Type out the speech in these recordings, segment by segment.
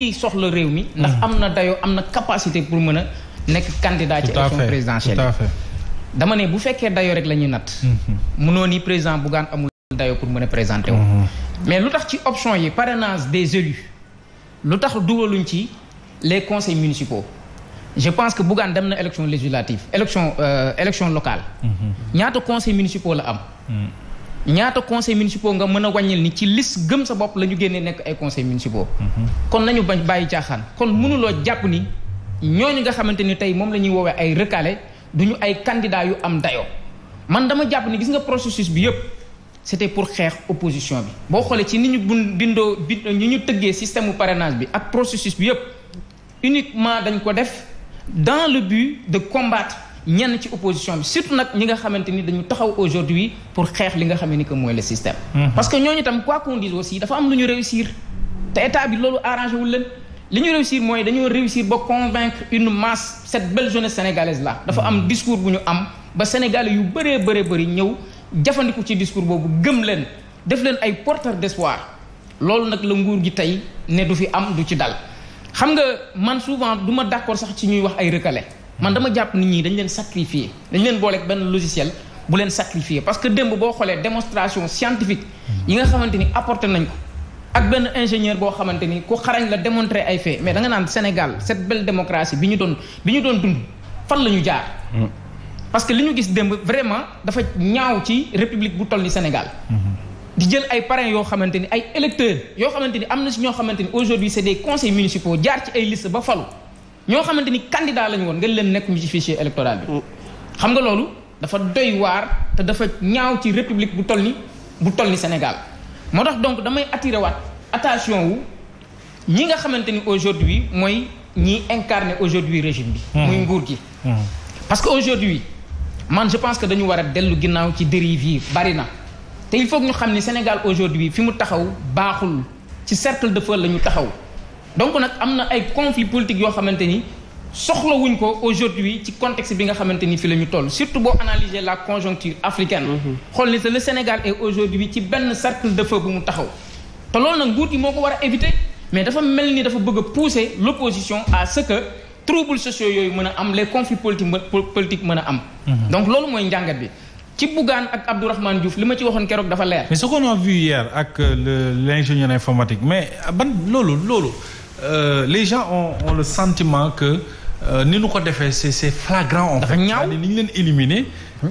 i soxla réew mi ndax mm. am na dayoo am na capacité pour mën a nekk candidat ci élection présidentielle dama ne bu fekkee dayoo rek la ñuy natt mënoo mm-hmm. ni président Bougane amul dayoo pour mën a présenté wu mm-hmm. mais lu tax ci option yi par parrainage des élus lu tax dugaluñ ci les conseils municipaux je pense que Bougane dem na élection législative élection euh, élection locale mm-hmm. ñaata conseils municipaux la am mm. ñaata conseil municipaux nga mën a wàññil ni ci list gëm sa bopp lañu ñu génnee nekk ay conseil municipaux mhm. kon nañu bañ bàyyi jaaxaan kon mënuloo mhm. jàpp ni ñooñu nga xamante ni tey moom la ñuy woowee ay recalé du ñu ay candidats yu am dayoo man dama jàpp ni gis nga processus bi yëpp c'était pour xeex opposition bi boo xoolee ci ni ñu bun dindoo bi ni ñu tëggee système parenage bi ak processus bi yëpp uniquement dañ ko def dans le but de combattre ñenn ci opposition bi surtout nag ñi nga xamante ni dañu taxaw aujourd'hui pour xeex li nga xam ni que mooy le système. Mhm. parce que ñooñu tam quoi qu'on dise aussi dafa am lu ñu réussir te état bi loolu arrangé wul leen. li ñu réussir mooy dañoo réussir ba convaincre une masse cette belle jeunesse sénégalaise là dafa am mhm. discours bu ñu am ba sénégalais yu bëree bëree bëri ñëw jafandiku ci discours boobu gëm leen def leen ay porteur d'espoir loolu nag la nguur gi tey ne du fi am du ci dal xam nga man souvent du ma d'accord sax ci ñuy wax ay recalés man dama jàpp nit ñi dañ leen sacrifier dañ leen booleeg benn logiciel bu leen sacrifier parce que démb boo xoolee démonstration scientifique yi nga xamante ni apporté nañ ko ak benn ingénieur boo xamante ni ku xarañ la démontrer ay fait mais da nga naan Sénégal cette belle démocratie bi ñu doon bi ñu doon dund fan la ñu jaar mm. parce que li ñu gis démb vraiment dafa ñaaw ci république bu toll ni Sénégal di jël ay parrains yoo xamante ni ay électeurs yoo xamante ni am na si ñoo xamante ni aujourd'hui c'est des conseils municipaux jaar ci ba falu ñoo xamante ni candidat lañu woon nga leen nekk ñu ci fichier électoral bi. Mm. xam nga loolu dafa doy waar te dafa ñaaw ci république bu toll ni bu toll ni Sénégal moo tax donc damay attiré waat attention wu ñi nga xamante ni aujourd'hui mooy ñi incarné aujourd'hui régime bi. Mm. muy nguur gi. Mm. parce que aujourd'hui man je pense que dañu war a dellu ginnaaw ci dérive yi bari na te il faut ñu xam ni Sénégal aujourd'hui fi mu taxaw baaxul ci cercle de feu la ñu taxaw. donc nag am na ay conflits politiques yoo xamante ni soxlawuñ ko aujourd'hui ci contexte bi nga xamante ni fi la ñu toll surtout boo analyser la conjoncture africaine. Mhm. xool ni te le Sénégal est aujourd'hui ci benn cercle de feu bu mu taxaw te loolu nag nguur gi moo ko war a éviter mais dafa mel ni dafa bëgg a pousser l'opposition à ce que troubles sociaux yooyu mën a am les conflits politiques politiques mën a am. Mhm. donc loolu mooy njàngat bi. ci Bougane ak Abdourahmane Diouf li ma ci waxoon keroog dafa leer. mais ce qu'on a vu hier ak euh, mais ah, ban loolu loolu. Euh, les gens ont le sentiment que euh, ni nu ko defee c'est c'est flagrant en fait c'est-à-dire ni ñu leen éliminer ci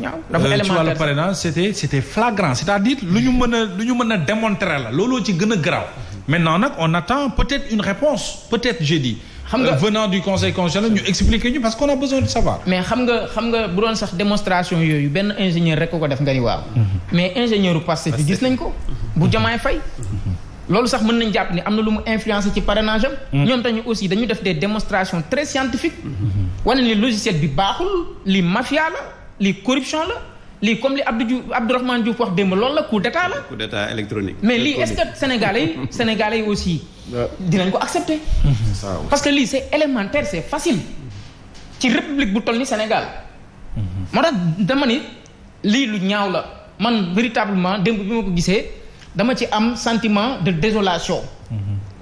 wàllu euh, parrainage c'était c'était flagrant c'est-à-dire lu ñu mën a lu ñu mën a démontrer la looloo ci gën a garaaw maintenant nag on attend peut-être une réponse peut-être j'ai xam nga venant du conseil constitutionnel ñu expliquer ñu parce qu'on a besoin de savoir. mais xam nga xam nga bu doon sax démonstration yooyu benn ingénieur rek ko ko def nga ni waaw. Mm-hmm. mais ingénieur u Pastef bi gis nañ ko. bu Diomaye Faye loolu sax mën nañ jàpp ni am na lu mu influencé ci parrainage am. Mm. ñoom tamit aussi dañu def des démonstrations très scientifiques. Mm-hmm. wane ni logiciel bi baaxul li mafia la li corruption la lii comme li Abdou Diouf Abdourahmane Diouf wax démb loolu la coup d' état la. coup d' état électronique. mais lii est ce yi sénégalais yi aussi. dinañ ko accepter. Mm-hmm. parce que lii c' élémentaire c' est facile. Mm-hmm. ci république bu toll ni Sénégal. moo tax dama ni lii lu ñaaw la man véritablement démb bi ma ko gisee. dama ci am sentiment de désolation.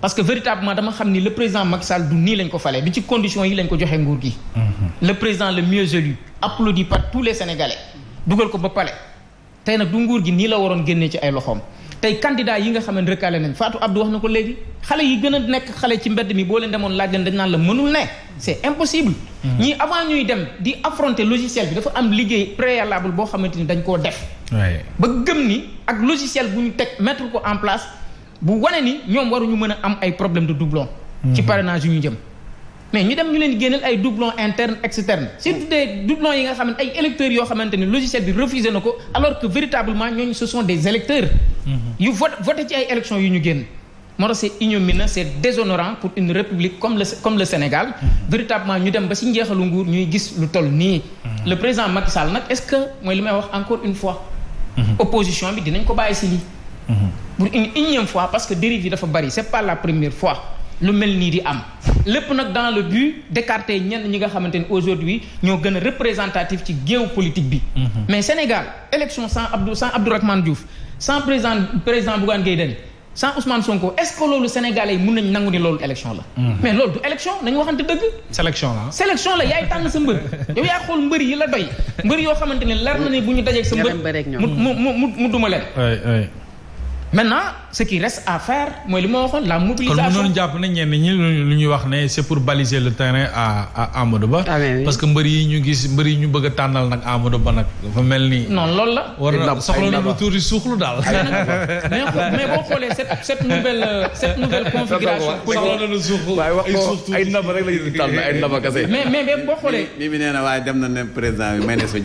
parce que véritablement dama xam ni le président Macky Sall du nii lañ ko falee bi ci condition yi lañ ko joxe nguur gi. Mhm. le président le mieux élu applaudi par tous les sénégalais. dugal ko ba palais tey nag du nguur gi nii la waroon génnee ci ay loxoom. tey candidat yi nga xam ne recalé nañ Fatou wax na ko léegi xale yi gën a nekk xale ci mbedd mi boo leen demoon laaj leen dañ naan la mënul ne c'est impossible. Mhm. ñii avant ñuy dem di affronter logiciel bi dafa am liggéey préalable boo xamante ni dañ koo def. ba gëm ni ak logiciel bu ñu teg mettre ko en place bu wane ni ñoom ñu mën a am ay problème du doublon. ci mhm. parrainage yu ñu jëm. mais ñu dem ñu leen génneel ay doublon interne externe surtout des doublons yi nga xam ne ay électeurs yoo xamante ni logiciel bi refusé na ko alors que véritablement ñooñu ce sont des électeurs mhm. yu vote voté ci ay élections yu ñu génn moo tax c'est déshonorant pour une république comme le comme le Sénégal mhm. véritablement ñu dem ba si njeexalu nguur ñuy gis lu toll nii le président Macky Sall nag est-ce que mooy li may wax encore une fois Mhm. opposition bi dinañ ko bàyyi si lii. Mhm. pour une énième fois parce que dérive yi dafa bari c'est par la première fois lu mel nii di am lépp nag dans le but d'écarter ñenn ñi nga xamante ne aujourd'hui ñoo gën a représentatif ci géew politique bi. Mhm. mais Sénégal élection san Abdou sans Abdourahmane Diouf sans président président Bougane Gueye sans Ousmane Sonko est-ce que loolu sénégalais mun nañ nangu ni loolu élection la. Mhm. mais loolu du élection nañu waxante dëgg. sélection la sélection la yaay tànn sa mbër yow yaa xool mbër yi la doy mbër yoo xamante ne leer na ni bu ñu dajeeg sa mbër. mu mu mu mu duma leen. maintenant ce qui reste à faire mooy li ma waxoon la mobilisation kon mënoon jàpp ne ñenn ñi lu ñuy wax ne c' est pour baliser le terrain à à Amadou Ba. Ah, parce que mbër yi ñu gis mbër yi ñu bëgg a tànnal nag Amadou Ba nag dafa mel ni. noonu loolu la. war a soxla na lu tuuti suuxlu daal. mais boo xoolee cette cette nouvelle euh, cette configuration. soxla na suuxlu ay suuf tuuti ay ndaba rek la tànn ay ndaba kese. mais mais boo xoolee. mi mi nee waaye dem na ne président bi may ne su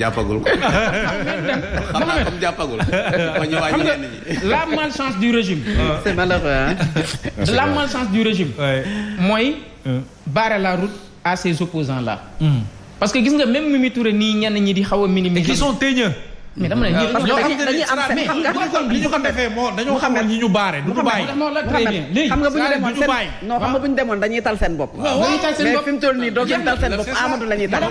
ko. xam malchance du régime. Ah. la malchance du régime. mooy. Euh. barrer la route à ces opposants là. Hmm. parce que gis nga même Mimi Touré nii ñenn ñi di xaw a minimiser. et qui sont teigneux. mais dama ne ñii xam nga moo dañoo xamoon ñi ñu baare du bu ñu demoon dañuy tal seen bopp dañuy toll nii doo gën tal seen bopp Amadou la ñuy tal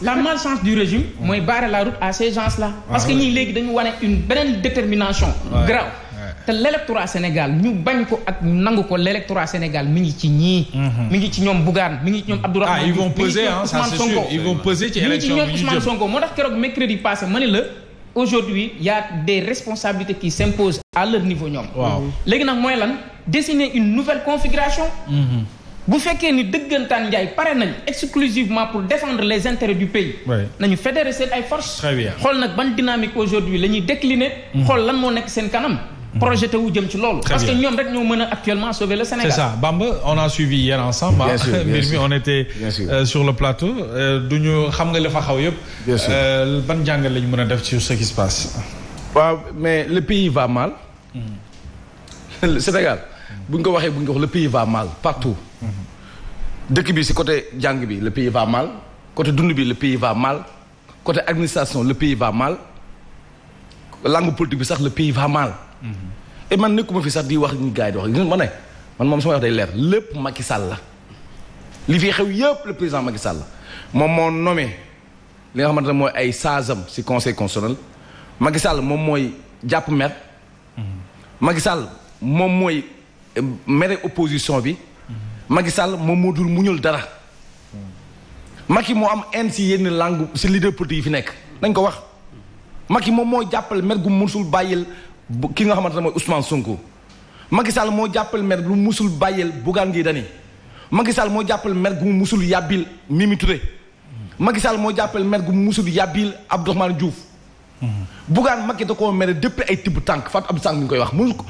la malchance la du régime mooy barrer la route à ces gens ah parce que ñii léegi dañu wane une beneen détermination grave te l'électorat Sénégal ñu bañ ko ak nangu ko l'électorat Sénégal mi ngi ci ñii. Mhm. mi ngi ci ñoom Bougane mi ngi ci ñoom mhm. Abdourahmane. ah ils vont peser ci élection bi ngi ci ñoom moo tax keroog mercredi passé ma ne la. aujourd'hui il y a des responsabilités qui s'imposent à leur niveau ñoom. waaw mhm. léegi nag mooy lan dessiner une nouvelle configuration. bu fekkee ni dëggantaan njaay pare nañ exclusivement pour défendre les intérêts du pays. nañu fédérer seen ay force xool nag ban dynamique aujourd'hui la ñuy décliner. xool lan moo nekk seen kanam. projet te wu jëm ci loolu. parce que ñoom rek ñoo mën a actuellement sauver le Sénégal. c'est ça Bamba on a suivi hier ensemble. bien sûr mbir mi on était. Euh, sur le plateau euh, du ñu xam nga li fa xaw yëpp. Euh, ban jàngal lañu mën a def sur ce qui se passe. waaw mais le pays va mal. Mm-hmm. Sénégal buñ ko waxee buñ ko wax le pays va mal partout. Mm-hmm. dëkk bi si côté jàng bi le pays va mal côté dund bi le pays va mal côté administration le pays va mal langue politique bi sax le pays va mal. et man nekkuma fi sax di wax ñu gars yi di wax ma man moom su ma wax day leer lépp Macky Sall la li fi xew yëpp le président Macky Sall moom moo nommé li nga xamante ne mooy ay saasam si conseil constitutionnel Macky Sall moom mooy jàpp mer Macky moom mooy mere opposition bi Macky Sall moom moo dul muñul dara Macky moo am haine si yenn langue si leader politique yi fi nekk dañ ko wax Macky moom moo jàppale mer gu musul bàyyil bu ki nga xamante ne mooy Ousmane Sonko Macky Sall moo jàppal mer lu musul bàyyeel Bougane Gueye Dany Macky Sall moo jàppal mer gu mu musul yàbbil Mimi Touré Macky Sall moo jàppal mer gu mu musul yàbbil Abdourahmane Diouf Bougane Macky da koo mere depuis ay tibb tànk fa ab Sàng mi ngi koy wax mënul ko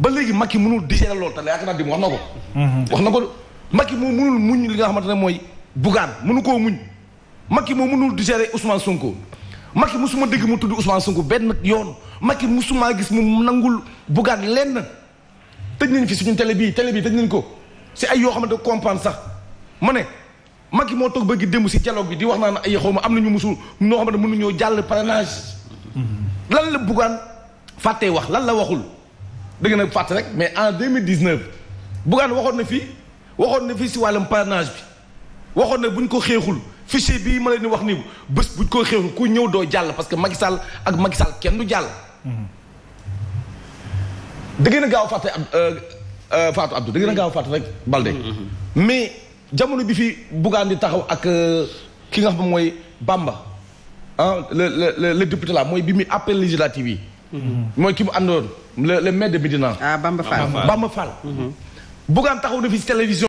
ba léegi mag Macky mënul digérer loolu te yaakaar naa di mu wax na ko mhm. wax na ko Macky moo mënul muñ li nga xamante ne mooy Bougane mënu koo muñ Macky moo mënul digérer Ousmane Sonko Macky musuma dégg mu tudd Ousmane Sonko benn yoon Macky musuma gis mu nangul Bougane lenn tëj nañ fi suñu tele bii télé bi tëj nañ ko si ay yoo xamante ne comprendre sax mu ne Macky moo toog bëgg démb si dialogue bi di wax naa naan ay xaw ma am na ñu musul noo xamante ne mënuñoo jàll parrainage lan la Bougane fàttee wax lan la waxul dëgg na fàtt rek mais en 2019 Bougane waxoon na fii waxoon na fii si wàllum parrainage bi waxoon na buñ ko xeexul fichier bii ma leen di wax nii bés buñ ko xew ku ñëw doo jàll parce que Macky Sall ak Macky Sall kenn du jàll. da ngeen a gaaw fàtte ab euh, euh, Fatou Abdou da ngeen a gaaw fàtte rek Balde. Mm-hmm. mais jamono bi fi Bougane di taxaw ak euh, ki nga xam mooy Bamba ah le le le député là mooy bi muy appel législative yi. Mm-hmm. mooy ki mu àndoon le le maire de Médina. ah Bamba Fall Bamba Fall. Mm-hmm. taxaw na fi télévision.